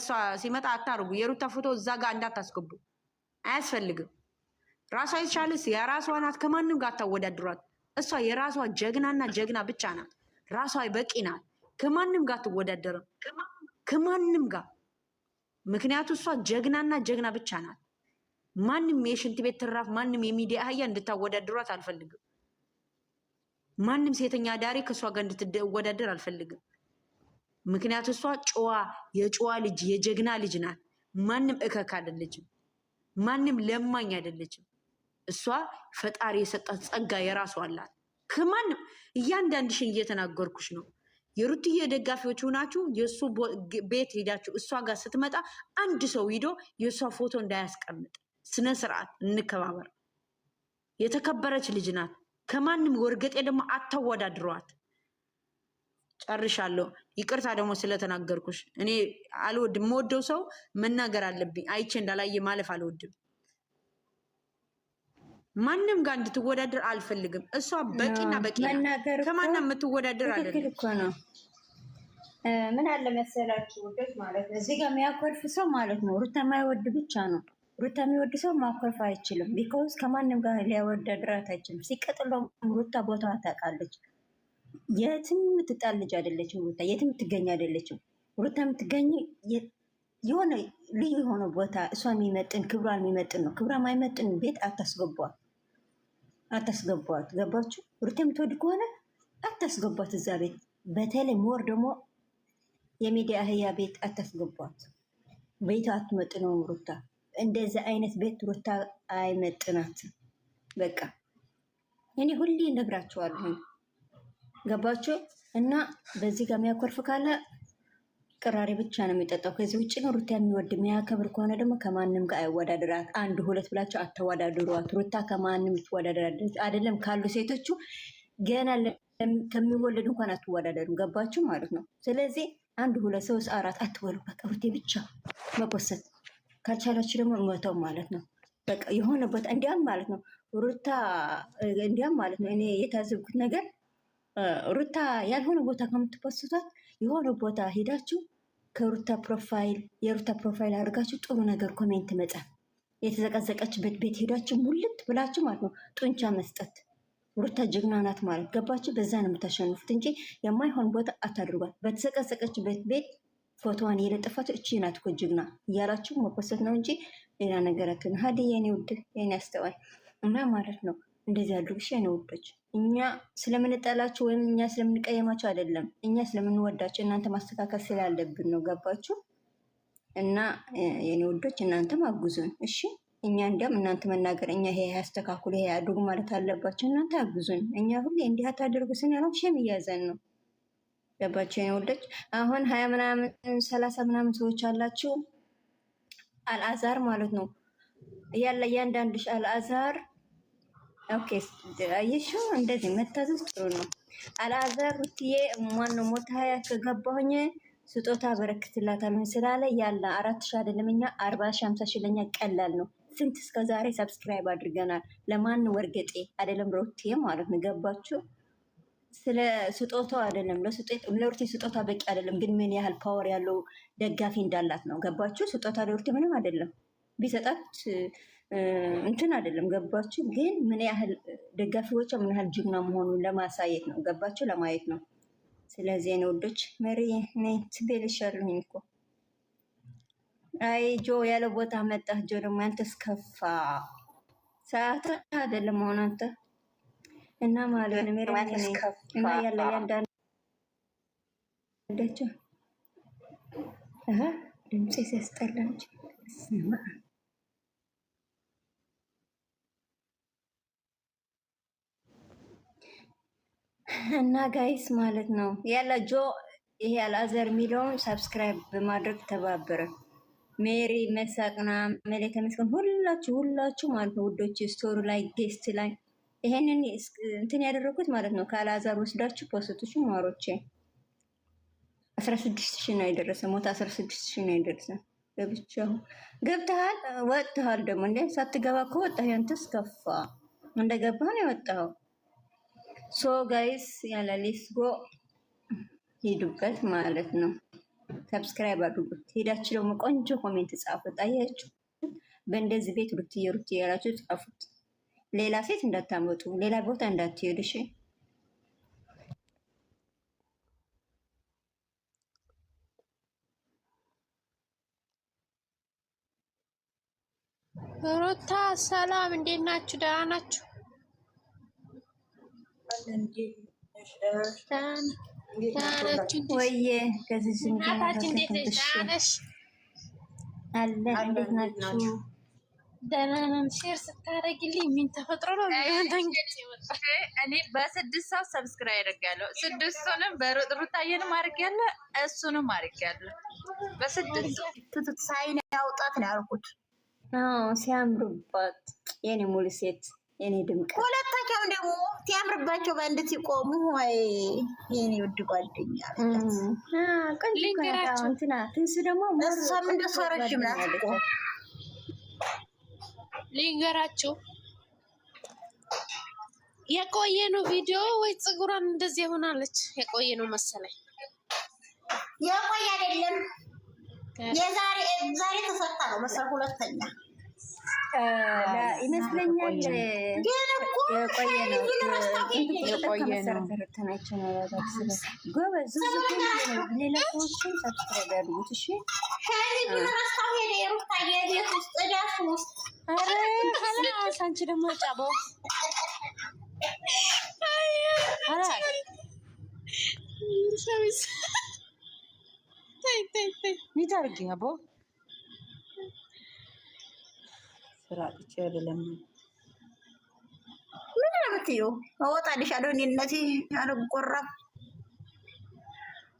እሷ ሲመጣ አታርጉ። የሩታ ፎቶ እዛ ጋር እንዳታስገቡ፣ አያስፈልግም። ራሷ የተቻለስ የራሷ ናት። ከማንም ጋር አታወዳድሯት። እሷ የራሷ ጀግናና ጀግና ብቻ ናት። ራሷ በቂ ናት። ከማንም ጋር አትወዳደርም፣ ከማንም ጋር ምክንያቱ እሷ ጀግናና ጀግና ብቻ ናት። ማንም የሽንት ቤት ትራፍ፣ ማንም የሚዲያ አህያ እንድታወዳድሯት አልፈልግም። ማንም ሴተኛ ዳሪ ከእሷ ጋር እንድትወዳደር አልፈልግም። ምክንያቱ እሷ ጨዋ የጨዋ ልጅ የጀግና ልጅ ናት። ማንም እከክ አይደለችም። ማንም ለማኝ አይደለችም። እሷ ፈጣሪ የሰጣት ጸጋ የራሷ አላት። ከማንም እያንዳንድሽን እየተናገርኩሽ ነው። የሩትዬ ደጋፊዎች ሆናችሁ የእሱ ቤት ሄዳችሁ እሷ ጋር ስትመጣ አንድ ሰው ሂዶ የእሷ ፎቶ እንዳያስቀምጥ ስነ ስርዓት እንከባበር። የተከበረች ልጅ ናት። ከማንም ወርገጤ ደግሞ አታወዳድሯት። ጨርሻለሁ። ይቅርታ ደግሞ ስለተናገርኩሽ። እኔ አልወድም፣ የምወደው ሰው መናገር አለብኝ። አይቼ እንዳላየ ማለፍ አልወድም። ማንም ጋር እንድትወዳደር አልፈልግም። እሷ በቂና በቂ ከማና የምትወዳደር አለ። ምን አለ መሰላችሁ ውደት ማለት ነው፣ እዚህ ጋር የሚያኮርፍ ሰው ማለት ነው ሩታ የማይወድ ብቻ ነው። ሩታ የሚወድ ሰው ማኮርፍ አይችልም። ቢኮዝ ከማንም ጋር ሊያወዳድራት አይችልም። ሲቀጥለው ሩታ ቦታ ታውቃለች። የትም የምትጣል ልጅ አይደለችም ሩታ። የትም የምትገኝ አይደለችም ሩታ። የምትገኝ የሆነ ልዩ የሆነ ቦታ እሷ የሚመጥን ክብሯን የሚመጥን ነው። ክብሯ የማይመጥን ቤት አታስገቧት፣ አታስገቧት። ገባችሁ? ሩታ የምትወድ ከሆነ አታስገቧት እዛ ቤት። በተለይ ሞር ደግሞ የሚዲያ አህያ ቤት አታስገቧት። ቤቷ አትመጥነውም ሩታ። እንደዚ አይነት ቤት ሩታ አይመጥናት። በቃ እኔ ሁሌ ነግራቸዋለሁ። ገባችሁ? እና በዚህ ጋር የሚያኮርፍ ካለ ቅራሪ ብቻ ነው የሚጠጣው። ከዚህ ውጭ ነው ሩታ የሚወድ የሚያከብር ከሆነ ደግሞ ከማንም ጋር አይወዳደራት። አንድ ሁለት ብላቸው አተወዳድሯት። ሩታ ከማንም ትወዳደራለች አይደለም ካሉ ሴቶቹ ገና ከሚወለድ እንኳን አትወዳደሩ። ገባችሁ ማለት ነው። ስለዚህ አንድ ሁለት ሶስት አራት አትበሉ። በቃ ሩቴ ብቻ መቆሰት ካልቻላችሁ ደግሞ መተው ማለት ነው። በቃ የሆነ ቦታ እንዲያም ማለት ነው ሩታ እንዲያም ማለት ነው እኔ የታዘብኩት ነገር ሩታ ያልሆነ ቦታ ከምትፖስቷት የሆነ ቦታ ሄዳችሁ ከሩታ ፕሮፋይል የሩታ ፕሮፋይል አድርጋችሁ ጥሩ ነገር ኮሜንት መጻፍ፣ የተዘቀዘቀችበት ቤት ሄዳችሁ ሙልት ብላችሁ ማለት ነው ጡንቻ መስጠት። ሩታ ጀግና ናት ማለት ገባችሁ። በዛ ነው የምታሸንፉት እንጂ የማይሆን ቦታ አታድርጓል። በተዘቀዘቀችበት ቤት ፎቶዋን የለጠፋት እቺ ናት እኮ ጀግና እያላችሁ መፖሰት ነው እንጂ ሌላ ነገር አትሆን። ሀዲ የኔ ውድ የኔ አስተዋይ እና ማለት ነው እንደዚህ አድርጉ። እሺ የኔ እኛ ስለምንጠላቸው ወይም እኛ ስለምንቀየማቸው አይደለም፣ እኛ ስለምንወዳቸው እናንተ ማስተካከል ስላለብን ነው። ገባችሁ? እና የኔ ወዶች እናንተም አግዙን። እሺ እኛ እንዲያም እናንተ መናገር እኛ ይሄ ያስተካክሉ ይሄ አድርጉ ማለት አለባቸው። እናንተ አግዙን። እኛ ሁሌ እንዲህ አታደርጉ ስንለው ሸም እያዘን ነው። ገባችሁ? የኔ ወዶች አሁን ሀያ ምናምን ሰላሳ ምናምን ሰዎች አላችሁ። አልአዛር ማለት ነው ያለ እያንዳንድ አልአዛር ኦኬ አየሽው፣ እንደዚህ መታዘዝ ጥሩ ነው። አልአዛር ሩትዬ ማን ሞታ ከገባሁኝ ስጦታ አበረክትላታለሁ ስላለ ያለ አራት ሺህ አይደለም እኛ አርባ ሺህ አምሳ ሺህ ለኛ ቀላል ነው። ስንት እስከ ዛሬ ሰብስክራይብ አድርገናል። ለማን ወርገጤ አይደለም ሩትዬ ማለት ነው። ገባችሁ? ስለ ስጦታው አይደለም ለሩቴ ስጦታ በቂ አይደለም፣ ግን ምን ያህል ፓወር ያለው ደጋፊ እንዳላት ነው። ገባችሁ? ስጦታ ለሩቴ ምንም አይደለም ቢሰጣት እንትን አይደለም። ገባችሁ? ግን ምን ያህል ደጋፊዎቿ ምን ያህል ጅግና መሆኑን ለማሳየት ነው። ገባችሁ? ለማየት ነው። ስለዚህ ነው ወዶች መሪ ትቤልሻለሁ እኮ አይ ጆ ያለ ቦታ መጣ። ጆ ደግሞ ያንተስ ስከፋ ሰዓት አይደለም አሁን አንተ እና ማለት ነው መሪ እና ያለ ያንዳንዳቸው ድምፅ ሲያስጠላ እንጂ ስማ እና ጋይስ ማለት ነው ያለ ጆ ይሄ አልአዘር የሚለውን ሰብስክራይብ በማድረግ ተባበረ። ሜሪ መሳቅና መሌከ መስቀን ሁላችሁ ሁላችሁ ማለት ነው ውዶች፣ ስቶሪ ላይ ጌስት ላይ ይሄንን እንትን ያደረኩት ማለት ነው ከአልአዘር ወስዳችሁ ፖስቶች ማሮቼ 16 ሺ ነው የደረሰ ሞት 16 ሺ ነው የደረሰ ገብቻሁ ገብተሃል ወጥተሃል። ደግሞ እንደ ሳትገባ ከወጣ ያንተስ ከፋ። እንደገባ ነው የወጣው ሶ ጋይስ ያለ ሌትስ ጎ ሂዱበት ማለት ነው። ሰብስክራይብ አድርጉት። ሄዳችሁ ደግሞ ቆንጆ ኮሜንት ጻፉት። አያችሁ በእንደዚህ ቤት ሩትዬ ሩትዬ ያላችሁ ጻፉት። ሌላ ሴት እንዳታመጡ፣ ሌላ ቦታ እንዳትሄዱ። እሺ ሩታ ሰላም፣ እንዴት ናችሁ? ደህና ናችሁ? ሼር ተፈጥሮ ነው? እኔ በስድስት ሰው ሰብስክራይብ አደርጋለሁ። ስድስቱንም በሩታዬንም አድርጊያለሁ፣ እሱንም አድርጊያለሁ። በስድስት ሳይን ያውጣት ነው ያልኩት። ሲያምሩባት የኔ ሙሉ ሴት እኔ ድምቀት ሁለታቸው ደግሞ ሲያምርባቸው በአንድ ሲቆሙ ወይ የኔ ውድ ጓደኛ ትንሱ ደግሞ እሷም እንደሷ ረጅም ናት። ልንገራችሁ የቆየ ነው ቪዲዮ ወይ ፀጉሯን እንደዚህ ሆናለች። የቆየ ነው መሰለኝ። የቆየ አይደለም የዛሬ ዛሬ ተሰጣ ነው መሰል ሁለተኛ ይመስለኛል የቆየ ነው። ተረተናቸው ነው ጎበዝ ሌላ ሰዎችን ሰብስክራይብ ያድርጉት። እሺ አንቺ ደግሞ ጫበው ሚት አድርጊ አቦ ስራ አጥቼ አይደለም። ምን አልብትዩ እወጣልሻለሁ። እኔነት አልጎራም።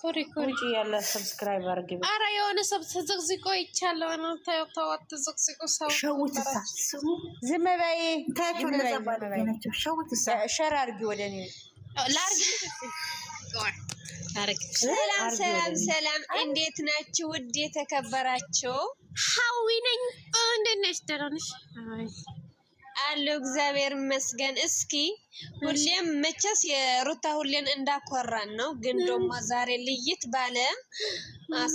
ኮሪ ኮሪ ያለ ሰብስክራይብ አርግ። አረ የሆነ ሰብ ተዘግዝቆ ይቻለው ነው። ታው ታው ተዘግዝቆ ሰው ሸውትሳ ስሙ ዝም በይ። ታችሁ ለዘባናችሁ ሸውትሳ ሸር አርጊ ወደኔ ላርግ ሰላም ሰላም ሰላም፣ እንዴት ናችሁ ውድ የተከበራችሁ ሀዊ ነኝ። እንደት ነሽ? ደህና ነሽ? አለሁ እግዚአብሔር ይመስገን። እስኪ ሁሌም መቼስ የሩታ ሁሌን እንዳኮራን ነው፣ ግን ደግሞ ዛሬ ልይት ባለ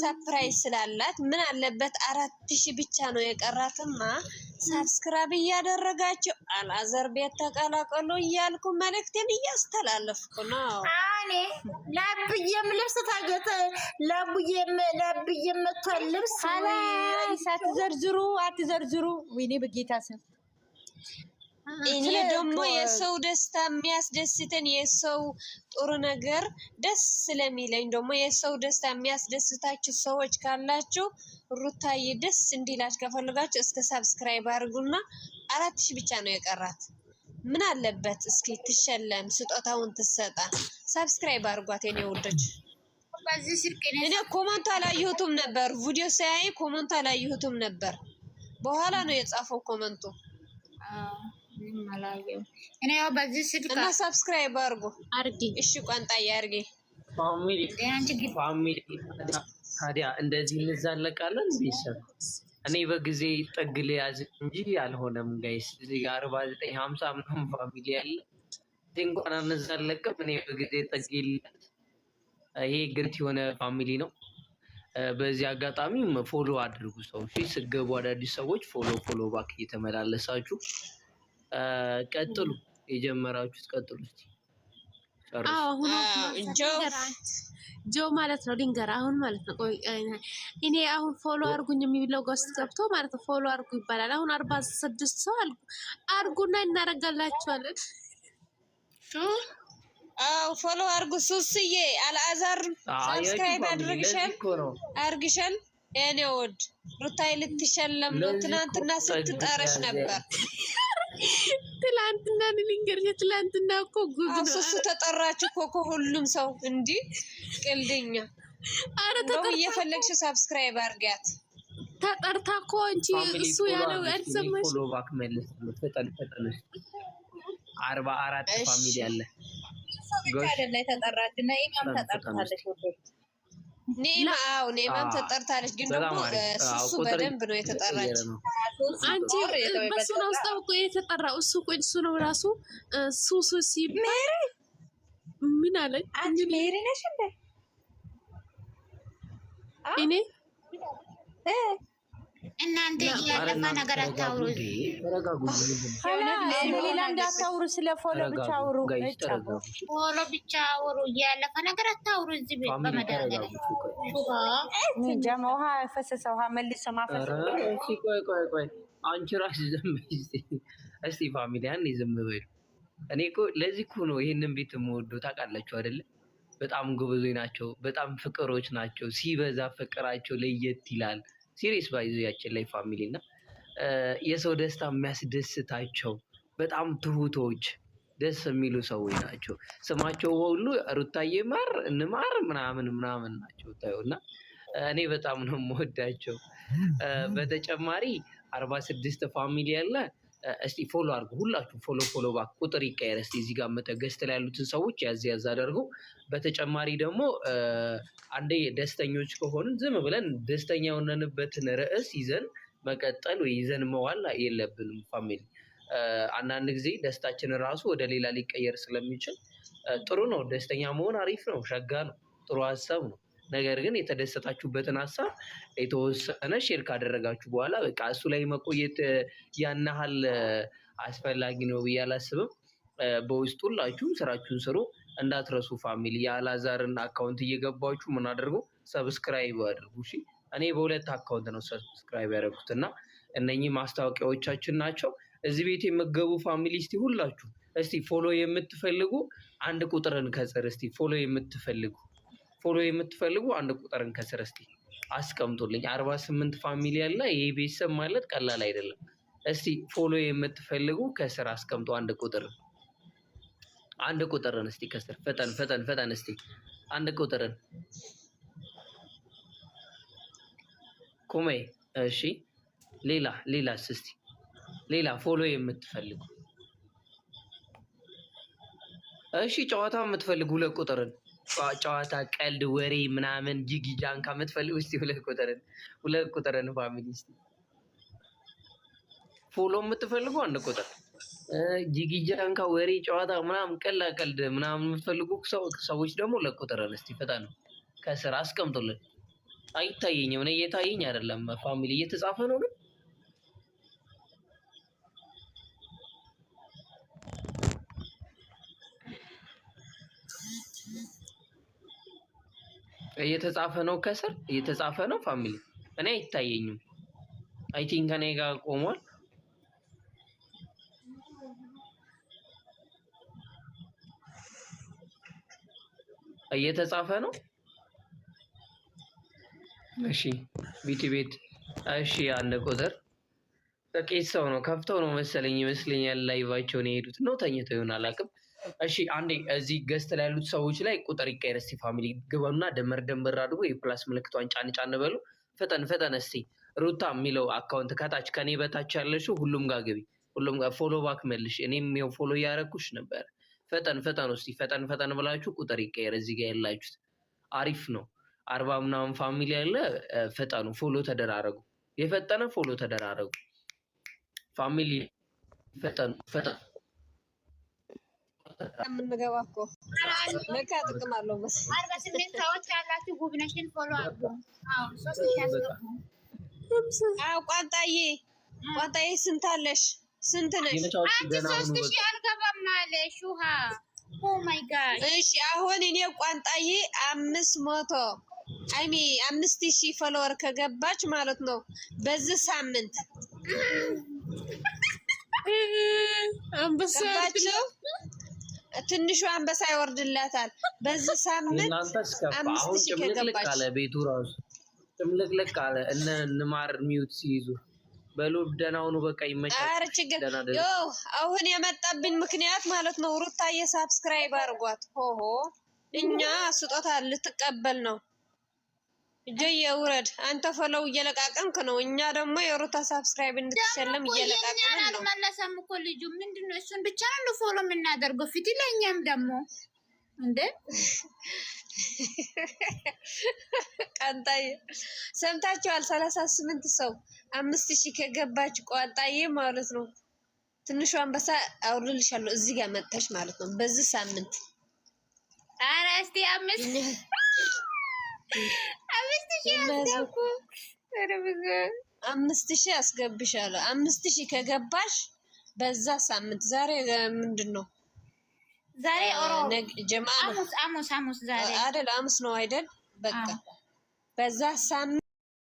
ሰርፕራይዝ ስላላት ምን አለበት አራት ሺህ ብቻ ነው የቀራትማ። ሳብስክራይብ እያደረጋችሁ አላዘር ቤት ተቀላቀሉ እያልኩ መልእክቴን እያስተላለፍኩ ነው። እኔ ለአብዬም ልብስ ታገተ ለአብዬም ለአብዬም መቷል ልብስ አትዘርዝሩ አትዘርዝሩ። ወይኔ በጌታ ስም እኔ ደግሞ የሰው ደስታ የሚያስደስተን የሰው ጥሩ ነገር ደስ ስለሚለኝ ደግሞ የሰው ደስታ የሚያስደስታችሁ ሰዎች ካላችሁ ሩታዬ ደስ እንዲላች ከፈለጋችሁ እስከ ሳብስክራይብ አድርጉና አራት ሺህ ብቻ ነው የቀራት። ምን አለበት እስኪ ትሸለም፣ ስጦታውን ትሰጣ። ሰብስክራይብ አድርጓት የኔ ውዶች። እኔ ኮመንቱ አላየሁትም ነበር፣ ቪዲዮ ሳያይ ኮመንቱ አላየሁትም ነበር። በኋላ ነው የጻፈው ኮመንቱ እና ሰብስክራይብ አድርጎ አርጊ። እሺ ቋንጣዬ አርጊ። ፋሚሊ ታዲያ እንደዚህ እንዛለቃለን ቤተሰብ እኔ በጊዜ ጥግ ልያዝ እንጂ አልሆነም። ጋይስ እዚህ ጋር አርባ ዘጠኝ ሀምሳ ምናምን ፋሚሊ ያለ እንኳን አነዛለቅም። እኔ በጊዜ ጥግ ይሄ ግንት የሆነ ፋሚሊ ነው። በዚህ አጋጣሚም ፎሎ አድርጉ ሰው ስገቡ አዳዲስ ሰዎች ፎሎ ፎሎ ባክ እየተመላለሳችሁ ቀጥሉ፣ የጀመራችሁት ቀጥሉ እስኪ ጆ ማለት ነው ድንገር አሁን ማለት ነው። ቆይ እኔ አሁን ፎሎ አርጉኝ የሚለው ገስት ገብቶ ማለት ነው ፎሎ አርጉ ይባላል። አሁን አርባ ስድስት ሰው አርጉና እናረጋላችኋለን። አዎ ፎሎ አርጉ። ሱስዬ አልአዛር ሰብስክራይብ አድርግሻል አርግሻል። የኔ ወድ ሩታይ ልትሸለም ነው። ትናንትና ስትጠረሽ ነበር ትላንትና ንልንገርሽ ትላንትና እኮ ጉድ ነው። እሱ ተጠራች እኮ ከሁሉም ሰው እንዲህ ቀልደኛ። አረ እየፈለግሽ ሰብስክራይብ አርጋት ተጠርታ እኮ አንቺ እሱ ያለው አልሰማሽ። ያልሰማሽ ባክ መልስ ፈጠን ፈጠን አርባ አራት ፋሚሊ አለ ጎሽ ተጠራች እና ኢማም ተጠርታለሽ ወደ ኔማ አዎ ኔማም ተጠርታለች፣ ግን ደግሞ እሱ በደንብ ነው የተጠራች። አንቺ በሱን አውስታው እኮ የተጠራው እሱ እኮ እሱ ነው ራሱ ሱ ሱ ሲባል ምን አለች? አንቺ ሜሪ ነሽ እንዴ? እኔ እናንተ ያለፈ ነገር አታውሩ። ሌላ እንዳታውሩ፣ ስለ ፎሎ ብቻ አውሩ። ፎሎ ብቻ አውሩ። ያለፈ ነገር አታውሩ። እዚህ ቤት በመደረገ ውሃ ፈሰሰ። ውሃ መልሶ ማፈሰ። ቆይ ቆይ ቆይ፣ አንቺ እራስሽ ዝም በይ ፋሚሊ ያኔ ዝም በይ። እኔ እኮ ለዚህ እኮ ነው ይህንን ቤት የምወደው። ታውቃላችሁ አይደለ? በጣም ጎበዞች ናቸው። በጣም ፍቅሮች ናቸው። ሲበዛ ፍቅራቸው ለየት ይላል። ሲሪየስ ባይዙያችን ላይ ፋሚሊ እና የሰው ደስታ የሚያስደስታቸው በጣም ትሁቶች ደስ የሚሉ ሰዎች ናቸው። ስማቸው ሁሉ ሩታዬ ማር እንማር ምናምን ምናምን ናቸው ታዩ እና እኔ በጣም ነው የምወዳቸው። በተጨማሪ አርባ ስድስት ፋሚሊ ያለ እስቲ ፎሎ አድርጉ። ሁላችሁ ፎሎ ፎሎ ባክ ቁጥር ይቀየር። እስቲ እዚህ ጋር ገስት ላይ ያሉትን ሰዎች ያዝ ያዝ አደርገው። በተጨማሪ ደግሞ አንዴ ደስተኞች ከሆንን ዝም ብለን ደስተኛ የሆነንበትን ርዕስ ይዘን መቀጠል ወይ ይዘን መዋል የለብንም። ፋሚሊ አንዳንድ ጊዜ ደስታችን ራሱ ወደ ሌላ ሊቀየር ስለሚችል ጥሩ ነው። ደስተኛ መሆን አሪፍ ነው፣ ሸጋ ነው፣ ጥሩ ሀሳብ ነው። ነገር ግን የተደሰታችሁበትን ሀሳብ የተወሰነ ሼር ካደረጋችሁ በኋላ በቃ እሱ ላይ መቆየት ያናሃል አስፈላጊ ነው ብዬ አላስብም። በውስጡ ሁላችሁም ስራችሁን ስሩ እንዳትረሱ። ፋሚሊ የአላዛርን አካውንት እየገባችሁ ምን አድርጉ ሰብስክራይብ አድርጉ። እሺ እኔ በሁለት አካውንት ነው ሰብስክራይብ ያደረጉት እና እነኚህ ማስታወቂያዎቻችን ናቸው። እዚህ ቤት የምገቡ ፋሚሊ እስቲ ሁላችሁ እስቲ ፎሎ የምትፈልጉ አንድ ቁጥርን ከጽር እስቲ ፎሎ የምትፈልጉ ፎሎ የምትፈልጉ አንድ ቁጥርን ከስር እስቲ አስቀምጡልኝ። አርባ ስምንት ፋሚሊ ያለ ይህ ቤተሰብ ማለት ቀላል አይደለም። እስቲ ፎሎ የምትፈልጉ ከስር አስቀምጡ አንድ ቁጥርን አንድ ቁጥርን እስቲ ከስር ፈጠን ፈጠን ፈጠን እስቲ አንድ ቁጥርን ኩሜ። እሺ ሌላ ሌላ እስቲ ሌላ ፎሎ የምትፈልጉ እሺ ጨዋታ የምትፈልጉ ቁጥርን ጨዋታ፣ ቀልድ፣ ወሬ ምናምን ጂጊ ጃንካ የምትፈልጉ እስኪ ሁለት ቁጥርን ሁለት ቁጥርን ፋሚሊ እስኪ ፎሎ የምትፈልጉ አንድ ቁጥር ጂጊ ጃንካ፣ ወሬ፣ ጨዋታ ምናምን ቀላ ቀልድ ምናምን የምትፈልጉ ሰዎች ደግሞ ሁለት ቁጥርን እስኪ ነው ከስራ አስቀምጡልን። አይታየኝም እኔ እየታየኝ አይደለም ፋሚሊ እየተጻፈ ነው። እየተጻፈ ነው ከስር እየተጻፈ ነው። ፋሚሊ እኔ አይታየኝም። አይ ቲንክ ከኔ ጋር ቆሟል። እየተጻፈ ነው። እሺ ቢቲ ቤት እሺ፣ አንድ ቁጥር ጥቂት ሰው ነው ከፍተው ነው መሰለኝ ይመስለኛል ላይቫቸውን የሄዱት ነው ተኝተው ይሆን አላውቅም። እሺ አንዴ እዚህ ገስት ላይ ያሉት ሰዎች ላይ ቁጥር ይቀየር እስቲ። ፋሚሊ ግበኑና ደመር ደመር አድርጎ የፕላስ ምልክቷን ጫን ጫን በሉ። ፈጠን ፈጠን እስቲ ሩታ የሚለው አካውንት ከታች ከኔ በታች ያለሽ ሁሉም ጋር ግቢ። ሁሉም ጋር ፎሎ ባክ መልሽ። እኔም ው ፎሎ እያረኩሽ ነበር። ፈጠን ፈጠን እስቲ ፈጠን ፈጠን ብላችሁ ቁጥር ይቀየር እዚህ ጋር ያላችሁት። አሪፍ ነው። አርባ ምናምን ፋሚሊ ያለ ፈጠኑ፣ ፎሎ ተደራረጉ። የፈጠነ ፎሎ ተደራረጉ ፋሚሊ ፈጠኑ ፈጠኑ። የምንገባ እኮ ለካ ጥቅም አለው። በስ አርባ ስምንት ሰዎች ያላችሁ ጉብነሽን ፎሎ አሉ። ቋንጣዬ ቋንጣዬ ስንት አለሽ? ስንት ነሽ? ሶስት ሺ አልገባም አለሽ። ውሃ እሺ አሁን እኔ ቋንጣዬ አምስት መቶ አይሚ አምስት ሺ ፎሎወር ከገባች ማለት ነው በዚህ ሳምንት አንበሳ ትንሹ አንበሳ ይወርድላታል። በዚህ ሳምንት አምስት ሺህ ከገባች ቤቱ ራሱ ጭምልቅልቅ አለ። እነ ንማር ሚዩት ሲይዙ በሉ ደህና ሁኑ፣ በቃ ይመቻል። ችግር አሁን የመጣብኝ ምክንያት ማለት ነው። ሩታዬ ሳብስክራይብ አድርጓት። ሆሆ እኛ ስጦታ ልትቀበል ነው። እጀዬ ውረድ አንተ ፈለው እየለቃቀምክ ነው። እኛ ደግሞ የሩታ ሳብስክራይብ እንድትሸለም እየለቃቀምን ነው። አልመለሰም እኮ ልጁ ምንድን ነው? እሱን ብቻ ነው ፎሎ የምናደርገው ፊት ለእኛም ደግሞ እንደ ቀንጣዬ ሰምታችኋል። ሰላሳ ስምንት ሰው አምስት ሺህ ከገባች ቋንጣዬ ማለት ነው። ትንሹ አንበሳ አውርልሻለሁ እዚህ ጋር መጥተሽ ማለት ነው በዚህ ሳምንት አረ እስቲ አምስት አምስት ሺህ አስገቡ። አምስት ሺህ አስገብሻለሁ። አምስት ሺህ ከገባሽ በዛ ሳምንት ዛሬ ምንድን ነው? ዛሬ አሙስ አሙስ አሙስ ዛሬ አይደል? አሙስ ነው አይደል? በቃ በዛ ሳምንት